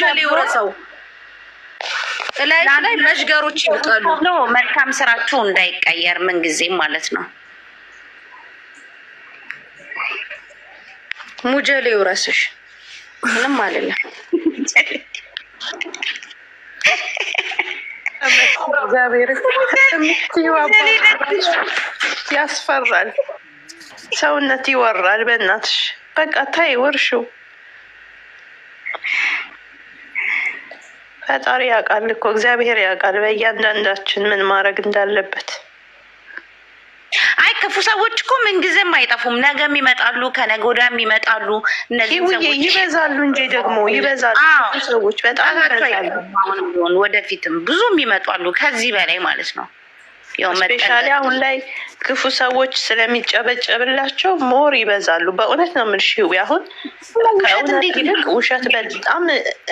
ጀሌ ውረሰው ላይ ላይ መዥገሮች ነው። መልካም ስራችሁ እንዳይቀየር ምን ጊዜም ማለት ነው። ሙጀሌ ውረስሽ ምንም አለለ ያስፈራል። ሰውነት ይወራል። በእናትሽ በቃ ታይ ወርሽው ፈጣሪ ያውቃል እኮ እግዚአብሔር ያውቃል በእያንዳንዳችን ምን ማድረግ እንዳለበት። አይ ክፉ ሰዎች እኮ ምንጊዜም አይጠፉም። ነገም ይመጣሉ፣ ከነገ ወዲያም ይመጣሉ። እነዚህ ይበዛሉ እንጂ ደግሞ ይበዛሉ ሰዎች በጣም ወደፊትም ብዙም ይመጣሉ፣ ከዚህ በላይ ማለት ነው። ያው ስፔሻሊ አሁን ላይ ክፉ ሰዎች ስለሚጨበጨብላቸው ሞር ይበዛሉ። በእውነት ነው የምልሽ። አሁን ከእውነት ይልቅ ውሸት በጣም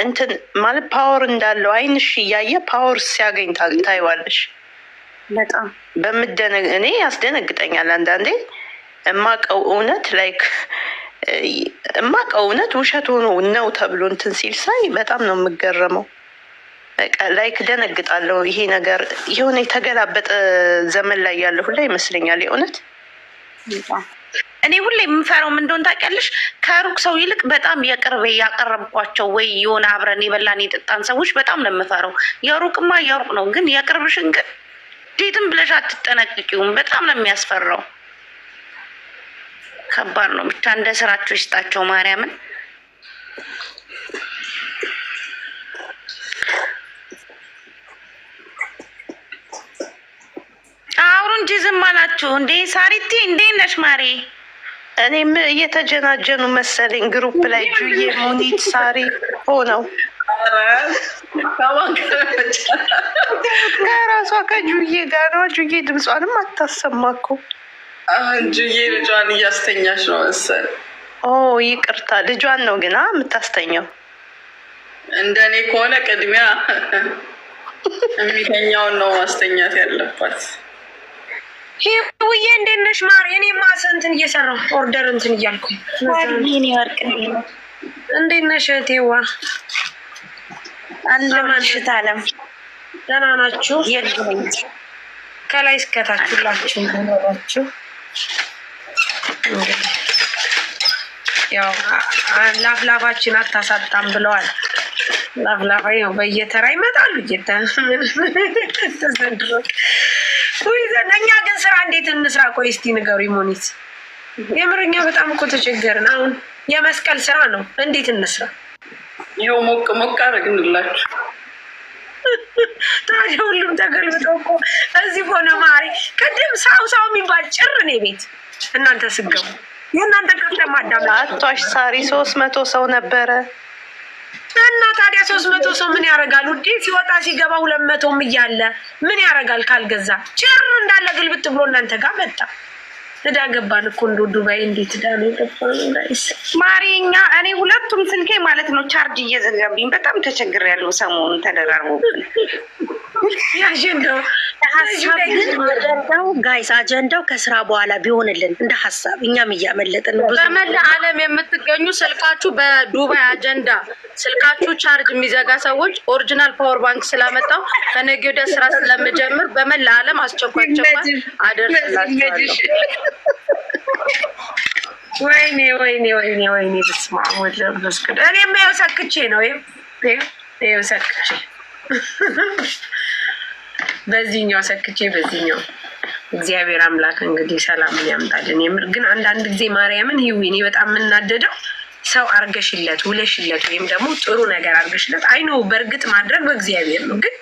እንትን ማለት ፓወር እንዳለው አይንሽ እያየ ፓወር ሲያገኝ ታይዋለሽ። በጣም በምደነ እኔ ያስደነግጠኛል አንዳንዴ እማቀው እውነት ላይክ እማቀው እውነት ውሸት ሆኖ ነው ተብሎ እንትን ሲል ሳይ በጣም ነው የምገረመው። ላይክ ደነግጣለሁ። ይሄ ነገር የሆነ የተገላበጠ ዘመን ላይ ያለ ሁላ ይመስለኛል። የእውነት እኔ ሁሌ የምፈራው ምን እንደሆነ ታውቂያለሽ? ከሩቅ ሰው ይልቅ በጣም የቅርብ ያቀረብኳቸው ወይ የሆነ አብረን የበላን የጠጣን ሰዎች በጣም ነው የምፈራው። የሩቅማ የሩቅ ነው፣ ግን የቅርብሽን ግን እንዴትም ብለሽ አትጠነቅቂውም። በጣም ነው የሚያስፈራው። ከባድ ነው። ብቻ እንደ ስራቸው ይስጣቸው ማርያምን እንጂ ዝም አላችሁ እንዴ? ሳሪቲ እንዴት ነሽ ማሬ? እኔም እየተጀናጀኑ መሰለኝ ግሩፕ ላይ ጁዬ፣ ሙኒት፣ ሳሪ ሆነው ከራሷ ከጁዬ ጋር ነው። ጁዬ ድምጿንም አታሰማኩ ጁዬ ልጇን እያስተኛች ነው መሰል። ኦ ይቅርታ፣ ልጇን ነው ግና የምታስተኘው እንደኔ ከሆነ ቅድሚያ የሚተኛውን ነው ማስተኛት ያለባት። ሄውዬ እንዴት ነሽ ማር? እኔማ እንትን እየሰራሁ ኦርደር እንትን እያልኩ እንዴት ነሽ እህቴዋ? አንለማንሽት አለም ደህና ናችሁ? ከላይ እስከታችሁላችሁ ኖራችሁ ያው ላፍላፋችን አታሳጣም ብለዋል። ላፍላፋ በየተራ ይመጣሉ። ጌታ እኛ ግን ስራ እንዴት እንስራ? ቆይ እስቲ ንገሩኝ። ሞኒት የምርኛ በጣም እኮ ተቸገርን። አሁን የመስቀል ስራ ነው፣ እንዴት እንስራ? ይኸው ሞቅ ሞቅ አደረግንላችሁ። ታዲያ ሁሉም ተገልብጦ እኮ እዚህ ሆነ። ማሪ ቅድም ሳው ሳው የሚባል ጭር እኔ ቤት እናንተ ስገቡ የእናንተ ከፍተ ማዳመጥ አቷሽ ሳሪ ሶስት መቶ ሰው ነበረ እና ታዲያ ሶስት መቶ ሰው ምን ያደርጋል ውዴ? ሲወጣ ሲገባ ሁለት መቶም እያለ ምን ያደርጋል? ካልገዛ ጭር እንዳለ ግልብጥ ብሎ እናንተ ጋር መጣ። እዳ ገባን እኮ እንዶ ዱባይ እንዴት እዳ ነው ገባን። ማሪኛ እኔ ሁለቱም ስልኬ ማለት ነው ቻርጅ እየዘጋብኝ በጣም ተቸግሬያለሁ። ሰሞኑን ተደራርቦብን የአጀንዳው አጀንዳው ጋይስ አጀንዳው ከስራ በኋላ ቢሆንልን እንደ ሀሳብ እኛም እያመለጥን ነው። በመላ ዓለም የምትገኙ ስልካችሁ በዱባይ አጀንዳ ስልካችሁ ቻርጅ የሚዘጋ ሰዎች ኦሪጂናል ፓወር ባንክ ስላመጣው ከነገ ወዲያ ስራ ስለምጀምር በመላ ዓለም አስቸኳይ አደርስላቸዋለሁ። ወይኔ ወይኔ ወይኔ ወይኔ፣ ብስማ ወደ ብሎስክ እኔ ሰክቼ ነው ሰክቼ በዚህኛው ሰክቼ በዚህኛው እግዚአብሔር አምላክ እንግዲህ ሰላምን ያምጣልን። የምር ግን አንዳንድ ጊዜ ማርያምን ህዊ እኔ በጣም የምናደደው ሰው አርገሽለት ውለሽለት ወይም ደግሞ ጥሩ ነገር አርገሽለት አይኖ በእርግጥ ማድረግ በእግዚአብሔር ነው። ግን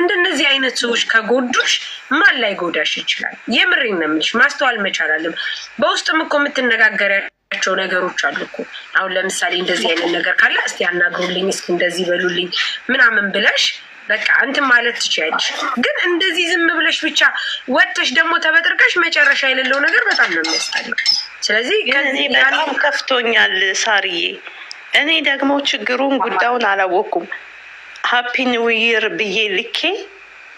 እንደነዚህ አይነት ሰዎች ከጎዱሽ ማን ላይ ጎዳሽ ይችላል? የምር ነምልሽ ማስተዋል መቻላለም። አለብን። በውስጥም እኮ የምትነጋገሪያቸው ነገሮች አሉ እኮ። አሁን ለምሳሌ እንደዚህ አይነት ነገር ካለ እስቲ ያናግሩልኝ፣ እስኪ እንደዚህ በሉልኝ ምናምን ብለሽ በቃ እንትን ማለት ትችያለሽ። ግን እንደዚህ ዝም ብለሽ ብቻ ወጥተሽ ደግሞ ተበጥርቀሽ መጨረሻ የሌለው ነገር በጣም ነው የሚያስጠላው። ስለዚህ በጣም ከፍቶኛል ሳርዬ። እኔ ደግሞ ችግሩን ጉዳዩን አላወቅኩም። ሀፒ ኒው ይር ብዬ ልኬ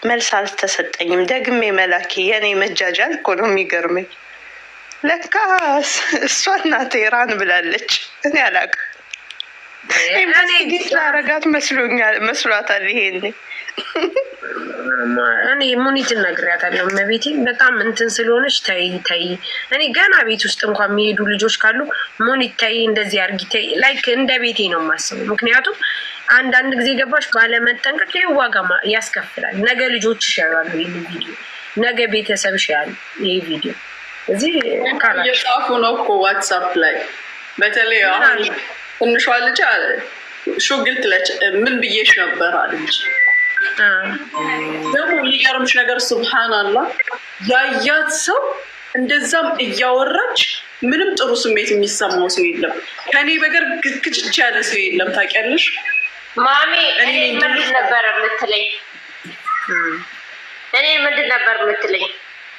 መልስ አልተሰጠኝም። ደግሜ መላኬ የእኔ መጃጃል እኮ ነው የሚገርመኝ። ለካስ እሷ እናቴ ራን ብላለች። እኔ አላውቅም ኢንቨስቲጌት ላረጋት መስሎኛል መስሏታል። ይሄን እኔ ሙኒት እነግራታለሁ። መቤቴ በጣም እንትን ስለሆነች ተይ ተይ። እኔ ገና ቤት ውስጥ እንኳን የሚሄዱ ልጆች ካሉ ሙኒት ተይ፣ እንደዚህ አርጊ ተይ። ላይክ እንደ ቤቴ ነው የማስበው። ምክንያቱም አንዳንድ ጊዜ ገባሽ ባለመጠንቀቅ ዋጋ ያስከፍላል። ነገ ልጆች ይሻላሉ። ይህ ቪዲዮ ነገ ቤተሰብ ይሻላል። ይህ ቪዲዮ እዚህ እየጻፉ ነው እኮ ዋትሳፕ ላይ በተለይ አሁን ትንሿ ልጅ ሹግልት ለች ምን ብዬሽ ነበር አለች። ደግሞ የሚገርምሽ ነገር ሱብሃናላህ ያያት ሰው እንደዛም እያወራች ምንም ጥሩ ስሜት የሚሰማው ሰው የለም። ከእኔ በገር ግጭች ያለ ሰው የለም። ታውቂያለሽ ማሚ፣ እኔ ምንድን ነበር የምትለኝ? እኔ ምንድን ነበር የምትለኝ?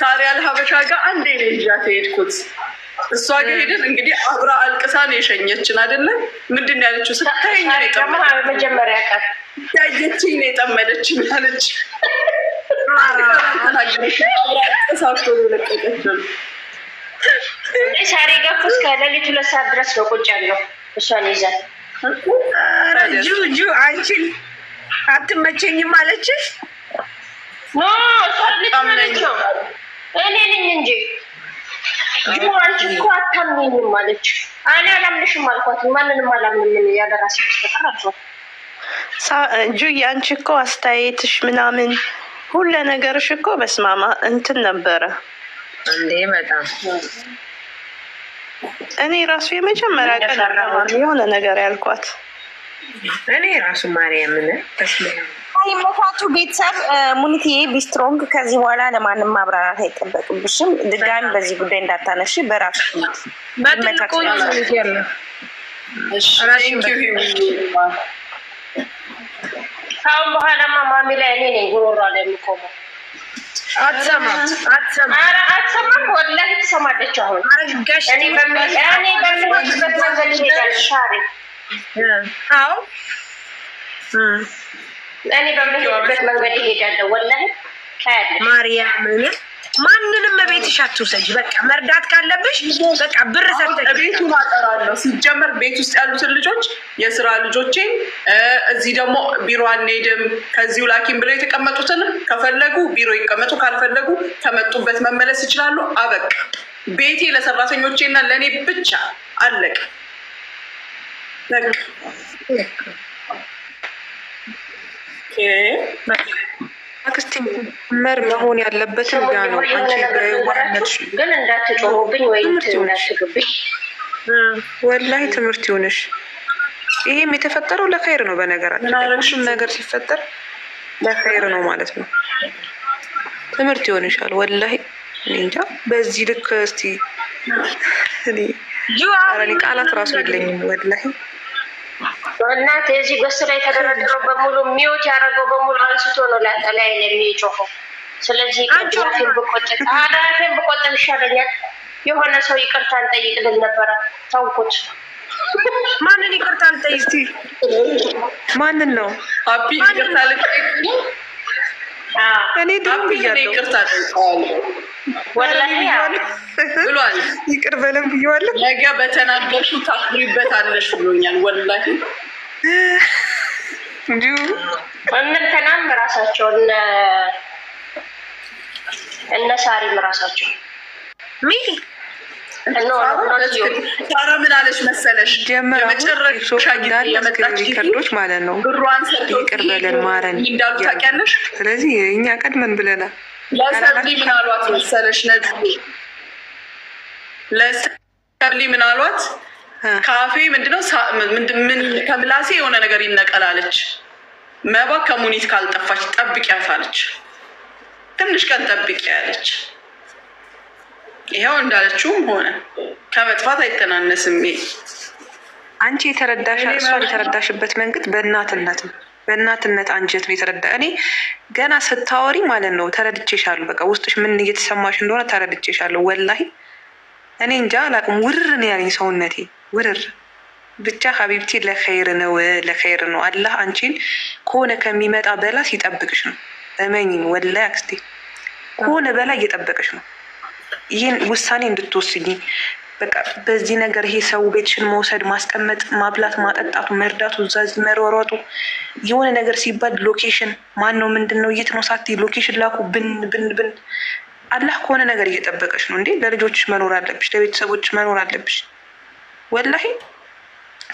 ሳሪያል ሀበሻ ጋር አንዴ ነው ይዣት የሄድኩት። እሷ ጋር ሄደን እንግዲህ አብራ አልቅሳን የሸኘችን አይደለም። ምንድን ያለችው ስታይመጀመሪያ ቀን ያየችኝ ነው የጠመደች ያለች ሳሪ ገፉ እስከ ሌሊት ሁለት ሰዓት ድረስ ነው ቁጭ ያለው እሷን ይዛል። ጁ አንቺን አትመቸኝም አለችሽ? ኖ እሷ ነው እኔ ነኝ እንጂ ጅሞ አንቺ እኮ አታምኝም አለች። እኔ አላምንሽም አልኳት። ማንንም አላምንም ያለ ራሴ አልኳት። አንቺ እኮ አስተያየትሽ ምናምን ሁለ ነገርሽ እኮ በስማማ እንትን ነበረ እንዴ በጣም እኔ ራሱ የመጀመሪያ ቀን የሆነ ነገር ያልኳት እኔ ራሱ ማርያምን ይመቻችሁ ቤተሰብ። ሙኒትዬ ቢስትሮንግ ከዚህ በኋላ ለማንም ማብራራት አይጠበቅብሽም። ድጋሚ በዚህ ጉዳይ እንዳታነሽ በራሱ ካሁን በኋላማ ማሚ ላይ እኔ ነኝ ጉሮሯ ላይ የሚቆመው። አትሰማም አትሰማም፣ ወላሂ ትሰማለች። አሁን እኔ በምሄድበት መንገድ ሻሪ አዎ እኔ በምንበት መንገድ ይሄዳለሁ። ወላሂ ማርያም ማንንም ቤትሽ አትውሰጂ። በቃ መርዳት ካለብሽ በቃ ብር ሰጠ ቤቱን አጠራለሁ። ሲጀመር ቤት ውስጥ ያሉትን ልጆች የስራ ልጆቼን እዚህ ደግሞ ቢሮ አንሄድም ከዚሁ ላኪን ብለው የተቀመጡትን ከፈለጉ ቢሮ ይቀመጡ፣ ካልፈለጉ ከመጡበት መመለስ ይችላሉ። አበቃ ቤቴ ለሰራተኞቼና ለእኔ ብቻ አለቅ። አክስቴ መር መሆን ያለበት ጋ ነው። አንቺ በዋነች ግን እንዳትጮሁብኝ ወይ እንዳትግብኝ፣ ወላይ ትምህርት ይሁንሽ። ይሄም የተፈጠረው ለኸይር ነው። በነገራችን ሁሉም ነገር ሲፈጠር ለኸይር ነው ማለት ነው። ትምህርት ይሆንሻል። ወላይ እንጃ በዚህ ልክ እስቲ ቃላት ራሱ የለኝም ወላይ እናት እዚህ በስ ላይ የተደረደረው በሙሉ ሚውት ያደረገው በሙሉ አንስቶ ነው ላጠላይ የሚጮኸው። ስለዚህ ራሴን ብቆጥብ ራሴን ብቆጥብ ይሻለኛል። የሆነ ሰው ይቅርታ እንጠይቅልን ነበረ። ታውቁት ማንን ይቅርታ እንጠይቅ? ማንን ነው አቢ ይቅርታ ልጠይቅ? እኔ ድሮ ብያለሁ ይቅርታ ብሏል። ይቅር በለን ብዬዋለሁ። ነገ በተናገርሽው ታፍሪበታለሽ ብሎኛል። ወላሂ እንዲሁ እምንተናም ራሳቸው እነ ሳሪም ራሳቸው ሳራ ምን አለች መሰለሽ? መጨረሻ ጊዜ የመጣች ከርዶች ማለት ነው። ብሯን ሰርቶ ይቅር በለን ማረን እንዳሉ ታውቂያለሽ። ስለዚህ እኛ ቀድመን ብለናል። ለሰብሊ ምናልባት መሰለሽ? ነድ ለሰብሊ ምን ካፌ ምንድነው ከምላሴ የሆነ ነገር ይነቀላለች። መባ ከሙኒት ካልጠፋች ጠብቂያት አለች። ትንሽ ቀን ጠብቂያ ያለች። ይኸው እንዳለችውም ሆነ። ከመጥፋት አይተናነስም። አንቺ የተረዳሽ እሷ የተረዳሽበት መንገድ በእናትነት ነው። በእናትነት አንጀት ነው የተረዳ። እኔ ገና ስታወሪ ማለት ነው ተረድቼሻለሁ። በቃ ውስጥሽ ምን እየተሰማሽ እንደሆነ ተረድቼሻለሁ። ወላሂ እኔ እንጃ አላቅም። ውርር ነው ያለኝ ሰውነቴ ውርር። ብቻ ሀቢብቲ ለኸይር ነው ለኸይር ነው። አላህ አንቺን ከሆነ ከሚመጣ በላ ሲጠብቅሽ ነው። እመኝ ወላሂ አክስቴ ከሆነ በላ እየጠበቀሽ ነው። ይህን ውሳኔ እንድትወስኝ በቃ በዚህ ነገር ይሄ ሰው ቤትሽን መውሰድ፣ ማስቀመጥ፣ ማብላት፣ ማጠጣቱ፣ መርዳቱ፣ እዛዝ መሯሯጡ የሆነ ነገር ሲባል ሎኬሽን ማን ነው ምንድን ነው የት ነው ሳት ሎኬሽን ላኩ ብን ብን ብን አላህ ከሆነ ነገር እየጠበቀች ነው እንዴ? ለልጆች መኖር አለብሽ፣ ለቤተሰቦች መኖር አለብሽ። ወላሂ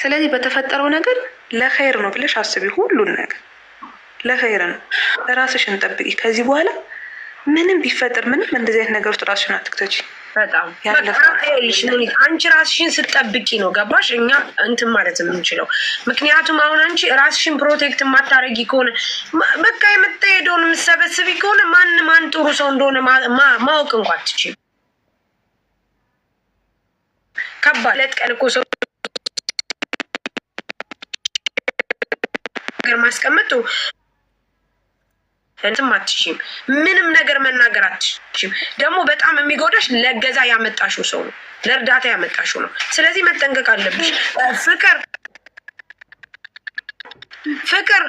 ስለዚህ በተፈጠረው ነገር ለኸይር ነው ብለሽ አስቢ። ሁሉን ነገር ለኸይር ነው። ራስሽን ጠብቂ። ከዚህ በኋላ ምንም ቢፈጠር ምንም እንደዚህ አይነት ነገር ውስጥ ራስሽን አትክተች። በጣም አንቺ ራስሽን ስጠብቂ ነው ገባሽ? እኛ እንትን ማለት የምንችለው ምክንያቱም አሁን አንቺ ራስሽን ፕሮቴክት የማታረጊ ከሆነ በቃ የምትሄደውን የምትሰበስቢ ከሆነ ማን ማን ጥሩ ሰው እንደሆነ ማወቅ እንኳ ትችል ከባድ ለት ቀን እኮ ሰው ነገር ማስቀመጡ እንትም አትሽም፣ ምንም ነገር መናገር አትሽም። ደግሞ በጣም የሚጎዳሽ ለገዛ ያመጣሽው ሰው ነው፣ ለእርዳታ ያመጣሽው ነው። ስለዚህ መጠንቀቅ አለብሽ። ፍቅር ፍቅር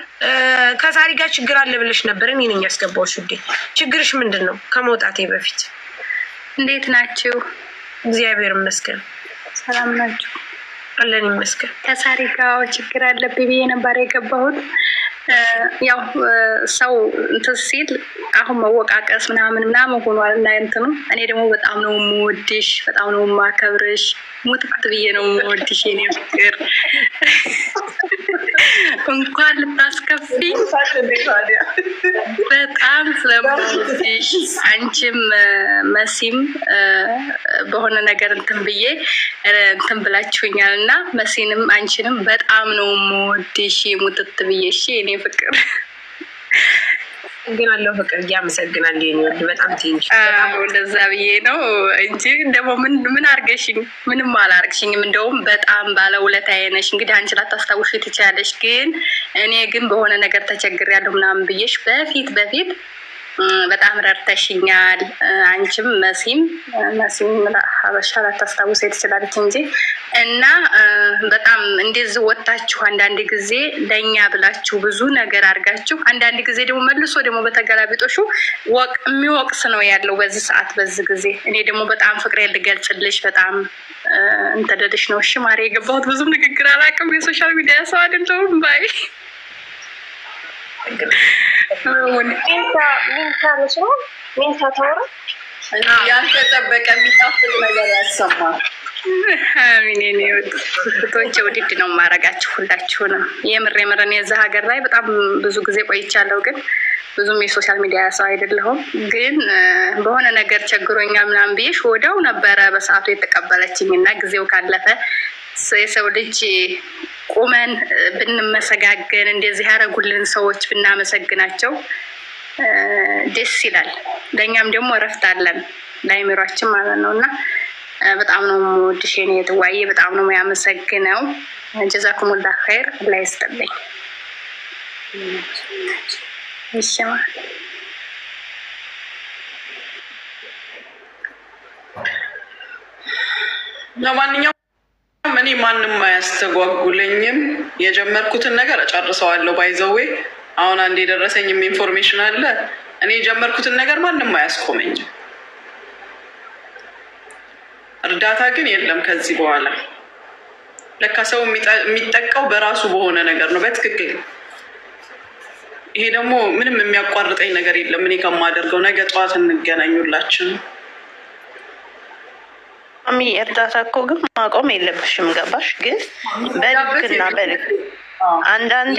ከዛሬ ጋር ችግር አለ ብለሽ ነበር። እኔ ነኝ ያስገባሁሽ ውዴ። ችግርሽ ምንድን ነው? ከመውጣቴ በፊት እንዴት ናችሁ? እግዚአብሔር ይመስገን። ሰላም ናችሁ? አለን ይመስገን። ከሳሪ ጋር ችግር አለብኝ ብዬ ነበር የገባሁት ያው ሰው እንትን ሲል አሁን መወቃቀስ ምናምን ምናምን ሆኗል እና እንትኑ እኔ ደግሞ በጣም ነው የምወድሽ፣ በጣም ነው የማከብርሽ፣ ሙትት ብዬ ነው የምወድሽ የኔ ፍቅር። እንኳን ልታስከፊኝ በጣም ስለምወድሽ አንቺም መሲም በሆነ ነገር እንትን ብዬ እንትን ብላችሁኛል እና መሲንም አንቺንም በጣም ነው የምወድሽ ሙትት ብዬ እሺ ፍቅር ግን አለው ፍቅር እያመሰግናል ወድ በጣም ትንሽ እንደዛ ብዬ ነው እንጂ ደግሞ ምን አርገሽኝ? ምንም አላርግሽኝም። እንደውም በጣም ባለ ባለውለታዬ ነሽ። እንግዲህ አንቺ ላታስታውሽ ትችያለሽ፣ ግን እኔ ግን በሆነ ነገር ተቸግሬያለሁ ምናምን ብዬሽ በፊት በፊት በጣም ረድተሽኛል። አንቺም መሲም መሲም ሀበሻ ላታስታውሰ ትችላለች እንጂ እና በጣም እንደዚህ ወጥታችሁ አንዳንድ ጊዜ ለእኛ ብላችሁ ብዙ ነገር አድርጋችሁ አንዳንድ ጊዜ ደግሞ መልሶ ደግሞ በተገላቢጦሹ ወቅ የሚወቅስ ነው ያለው በዚህ ሰዓት በዚህ ጊዜ። እኔ ደግሞ በጣም ፍቅሬ ልገልጽልሽ በጣም እንተደልሽ ነው። እሺ ማሪ የገባሁት ብዙም ንግግር አላውቅም። የሶሻል ሚዲያ ሰው አይደለሁም ባይ ሚንታ ውድድ ነው የማረጋችሁ ሁላችሁንም። የምር የምርን የዛ ሀገር ላይ በጣም ብዙ ጊዜ ቆይቻለሁ፣ ግን ብዙም የሶሻል ሚዲያ ሰው አይደለሁም። ግን በሆነ ነገር ቸግሮኛል ምናምን ብዬሽ ወደው ነበረ በሰዓቱ የተቀበለችኝ እና ጊዜው ካለፈ የሰው ልጅ ቁመን ብንመሰጋገን እንደዚህ ያደረጉልን ሰዎች ብናመሰግናቸው ደስ ይላል። ለእኛም ደግሞ እረፍት አለን ለአይምሯችን ማለት ነው እና በጣም ነው የምወድሽ የኔ በጣም ነው ያመሰግነው። ጀዛኩሙላ ኸይር ላይ ይስጥልኝ። ይሽማ ለማንኛውም እኔ ማንም አያስተጓጉለኝም። የጀመርኩትን ነገር እጨርሰዋለሁ። ባይዘዌ አሁን አንድ የደረሰኝም ኢንፎርሜሽን አለ። እኔ የጀመርኩትን ነገር ማንም አያስቆመኝም። እርዳታ ግን የለም ከዚህ በኋላ። ለካ ሰው የሚጠቀው በራሱ በሆነ ነገር ነው። በትክክል ይሄ ደግሞ ምንም የሚያቋርጠኝ ነገር የለም። እኔ ከማደርገው ነገ ጠዋት እንገናኙላችን። ቋሚ እርዳታ እኮ ግን ማቆም የለብሽም ገባሽ? ግን በልክና በልክ አንዳንዴ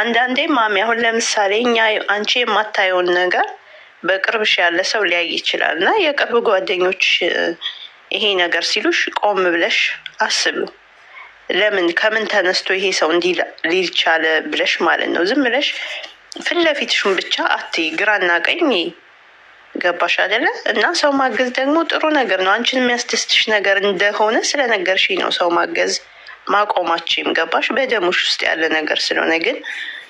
አንዳንዴ ማሚ አሁን ለምሳሌ እኛ አንቺ የማታየውን ነገር በቅርብሽ ያለ ሰው ሊያይ ይችላል እና የቅርብ ጓደኞች ይሄ ነገር ሲሉሽ ቆም ብለሽ አስብ? ለምን ከምን ተነስቶ ይሄ ሰው እንዲህ ሊል ቻለ ብለሽ ማለት ነው። ዝም ብለሽ ፊት ለፊትሽን ብቻ አትይ፣ ግራና ቀኝ ገባሽ አይደለ? እና ሰው ማገዝ ደግሞ ጥሩ ነገር ነው። አንቺን የሚያስደስትሽ ነገር እንደሆነ ስለነገርሽ ነው ሰው ማገዝ ማቆማችም ገባሽ? በደሙሽ ውስጥ ያለ ነገር ስለሆነ ግን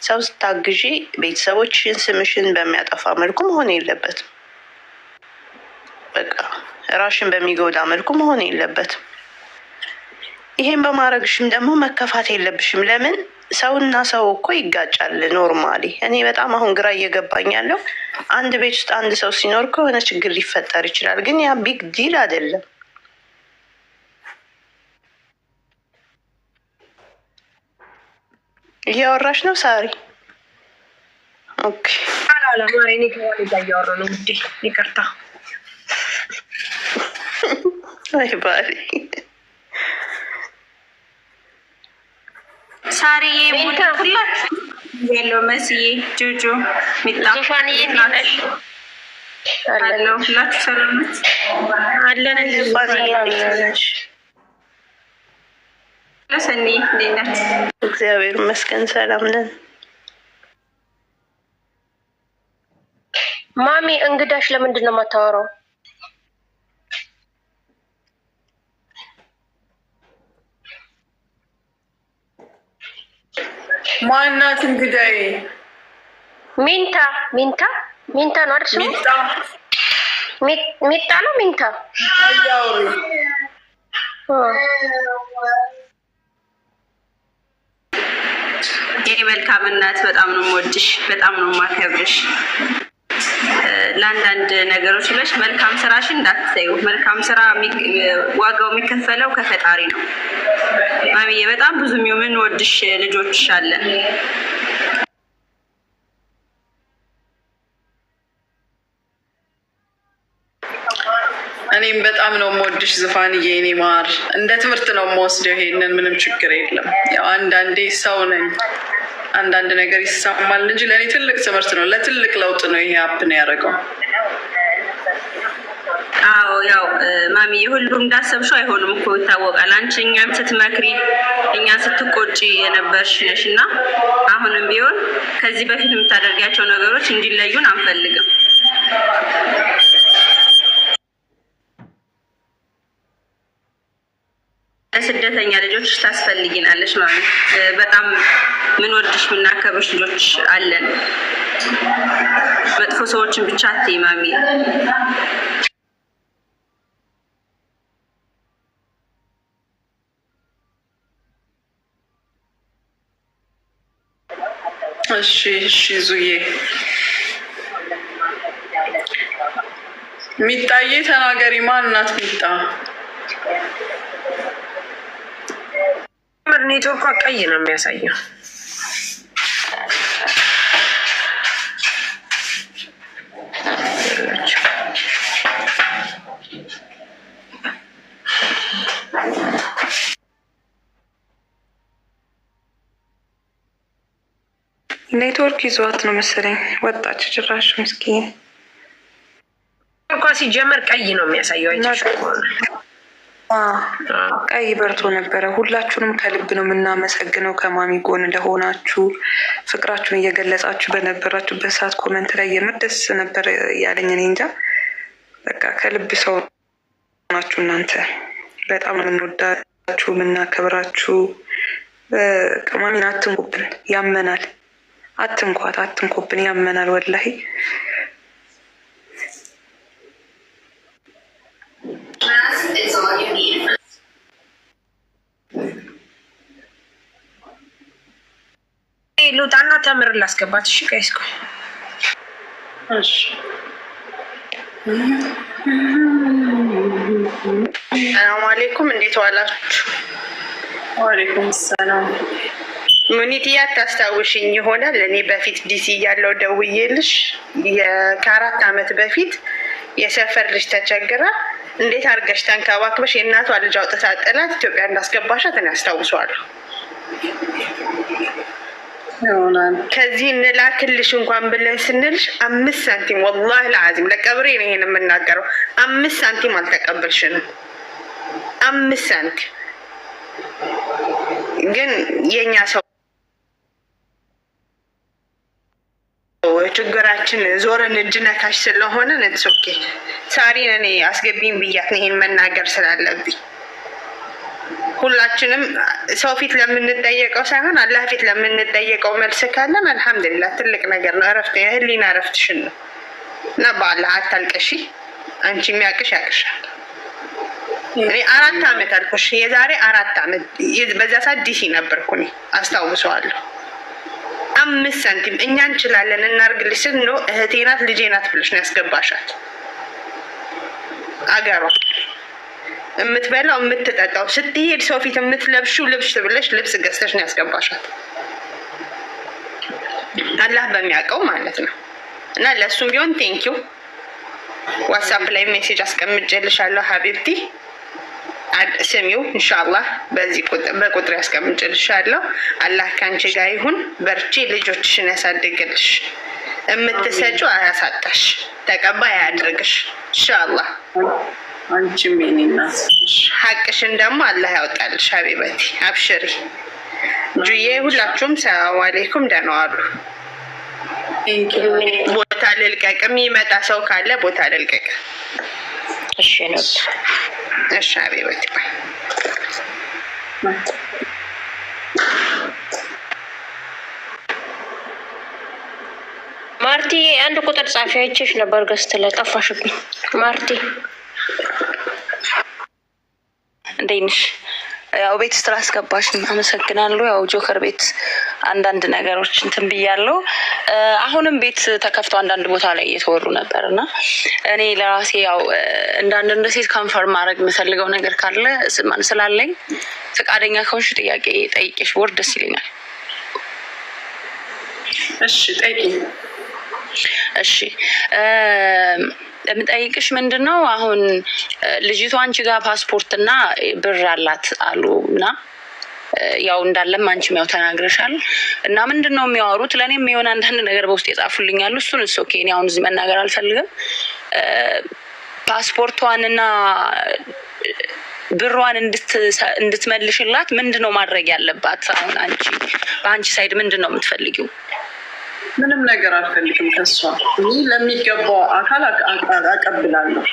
ሰው ስታግዢ ቤተሰቦችሽን ስምሽን በሚያጠፋ መልኩ መሆን የለበትም። በቃ ራሽን በሚጎዳ መልኩ መሆን የለበትም። ይሄን በማድረግሽም ደግሞ መከፋት የለብሽም። ለምን ሰውና ሰው እኮ ይጋጫል ኖርማሊ። እኔ በጣም አሁን ግራ እየገባኝ ያለው አንድ ቤት ውስጥ አንድ ሰው ሲኖር ከሆነ ችግር ሊፈጠር ይችላል፣ ግን ያ ቢግ ዲል አይደለም። እያወራሽ ነው ሳሪ? ኦኬ ይቅርታ። ባሪ ሳሪዬ ሁላችሁ መስዬ ጆጆ እግዚአብሔር ይመስገን ሰላም ነን። ማሚ እንግዳሽ ለምንድን ነው የማታወራው? ማናት እንግዳዬ? ሚንታ ሚንታ ሚንታ ነው አይደል? ስሙ ሚጣ ነው ሚንታ የኔ መልካም እናት በጣም ነው የምወድሽ፣ በጣም ነው የማከብርሽ። ለአንዳንድ ነገሮች ብለሽ መልካም ስራሽን እንዳትሰዩ። መልካም ስራ ዋጋው የሚከፈለው ከፈጣሪ ነው። ማሚዬ በጣም ብዙ ወድሽ ልጆች አለን። እኔም በጣም ነው የምወድሽ ዝፋንዬ፣ እኔ ማር እንደ ትምህርት ነው የምወስደው። ይሄንን ምንም ችግር የለም። ያው አንዳንዴ ሰው ነኝ፣ አንዳንድ ነገር ይሰማል እንጂ ለእኔ ትልቅ ትምህርት ነው፣ ለትልቅ ለውጥ ነው ይሄ አፕን ነው ያደረገው። አዎ ያው ማሚ የሁሉም እንዳሰብሽው አይሆንም እኮ ይታወቃል። አንቺ እኛን ስትመክሪ እኛ ስትቆጪ የነበርሽ ነሽ እና አሁንም ቢሆን ከዚህ በፊት የምታደርጊያቸው ነገሮች እንዲለዩን አንፈልግም። ስደተኛ ልጆች ታስፈልጊናለሽ ማሚ። በጣም ምን ወድሽ ምናከብርሽ ልጆች አለን። መጥፎ ሰዎችን ብቻ አትይ ማሚ። እሺ ዙዬ ሚጣዬ ተናገሪ። ማን እናት ሚጣ? ምርኔ ጮኳ ቀይ ነው የሚያሳየው ኔትወርክ ይዘዋት ነው መሰለኝ ወጣች። ጭራሽ ምስኪን እንኳ ሲጀመር ቀይ ነው የሚያሳየው። ቀይ በርቶ ነበረ። ሁላችሁንም ከልብ ነው የምናመሰግነው ከማሚ ጎን ለሆናችሁ ፍቅራችሁን እየገለጻችሁ በነበራችሁበት ሰዓት ኮመንት ላይ የምር ደስ ነበር ያለኝ። እኔ እንጃ በቃ ከልብ ሰው ናችሁ እናንተ። በጣም ነው የምንወዳችሁ የምናከብራችሁ። ማሚን ያመናል አትንኳት፣ አትንኮብን፣ ያመናል ወላሂ። ሉጣና ተምር ላስገባት። እሺ ቀይስኩ ሰላም አሌይኩም። እንዴት ዋላችሁ? ዋሌይኩም ሰላም ሙኒትያ ታስታውሽኝ ይሆናል። እኔ በፊት ዲሲ ደውዬ ደውዬልሽ ከአራት አመት በፊት የሰፈር ልጅ ተቸግራ እንዴት አድርገሽ ተንከባክበሽ የእናቷ ልጅ አውጥታ ጥላት ኢትዮጵያ እንዳስገባሻት እኔ አስታውሰዋለሁ። ከዚህ እንላክልሽ እንኳን ብለን ስንልሽ አምስት ሳንቲም ወላሂ ለአዚም ለቀብሬ ነው ይሄን የምናገረው፣ አምስት ሳንቲም አልተቀበልሽንም። አምስት ሳንቲም ግን የእኛ ሰው ችግራችን ዞረን እጅ ነካሽ ስለሆነ ንትሶኬ ሳሪ እኔ አስገቢኝ ብያት ነው ይሄን መናገር ስላለብኝ። ሁላችንም ሰው ፊት ለምንጠየቀው ሳይሆን አላህ ፊት ለምንጠየቀው መልስ ካለን አልሐምዱሊላ ትልቅ ነገር ነው። እረፍት ህሊና እረፍትሽን ነው እና በአላህ አታልቀሺ። አንቺ የሚያቅሽ ያቅሻል። እኔ አራት አመት አልኩሽ፣ የዛሬ አራት አመት በዛ ሰዓት ዲሲ ነበርኩ አስታውሰዋለሁ። አምስት ሳንቲም እኛ እንችላለን እናርግልሽ ስል ነው እህቴ ናት ልጄ ናት ብለሽ ነው ያስገባሻት። አገሯ የምትበላው የምትጠጣው ስትሄድ ሰው ፊት የምትለብሹ ልብስ ብለሽ ልብስ ገዝተሽ ነው ያስገባሻት። አላህ በሚያውቀው ማለት ነው። እና ለእሱም ቢሆን ቴንኪው። ዋትሳፕ ላይ ሜሴጅ አስቀምጬልሻለሁ ሀቢብቲ ስሚው እንሻላ በዚህ በቁጥር ያስቀምጭልሻለሁ። አላህ ከአንቺ ጋር ይሁን። በርቺ፣ ልጆችሽን ያሳድግልሽ። የምትሰጩ አያሳጣሽ፣ ተቀባይ አያድርግሽ። እንሻላ አንቺም የኔና ሀቅሽን ደግሞ አላህ ያወጣልሽ። ሀቢበቲ አብሽሪ ጁዬ። ሁላችሁም ሰላም አሌይኩም ደህና ዋሉ። ቦታ ልልቀቅ፣ የሚመጣ ሰው ካለ ቦታ ልልቀቅ። እሺ ነው እሺ አቤበት ማርቲ አንድ ቁጥር ጻፊ አይቼሽ ነበር ገዝት ላይ ጠፋሽብኝ። ማርቲ እንደት ነሽ? ያው ቤት ስራ አስገባሽ፣ አመሰግናለሁ። ያው ጆከር ቤት አንዳንድ ነገሮች እንትን ብያለሁ። አሁንም ቤት ተከፍቶ አንዳንድ ቦታ ላይ እየተወሩ ነበር እና እኔ ለራሴ ያው እንዳንድ እንደ ሴት ከንፈርም ማድረግ የምፈልገው ነገር ካለ ስላለኝ ፈቃደኛ ከሆንሽ ጥያቄ ጠይቄሽ ወር ደስ ይለኛል። እሺ ጠይቂ። እሺ የምጠይቅሽ ምንድን ነው አሁን ልጅቷ አንቺ ጋር ፓስፖርት እና ብር አላት አሉ እና ያው እንዳለም አንቺም ያው ተናግረሻል እና ምንድን ነው የሚያወሩት? ለእኔም የሆነ አንዳንድ ነገር በውስጥ የጻፉልኛሉ። እሱን እሱ ኦኬ፣ እኔ አሁን እዚህ መናገር አልፈልግም። ፓስፖርቷንና ብሯን እንድትመልሽላት ምንድን ነው ማድረግ ያለባት? አሁን አንቺ በአንቺ ሳይድ ምንድን ነው የምትፈልጊው? ምንም ነገር አልፈልግም ከሷ። ለሚገባው አካል አቀብላለሁ።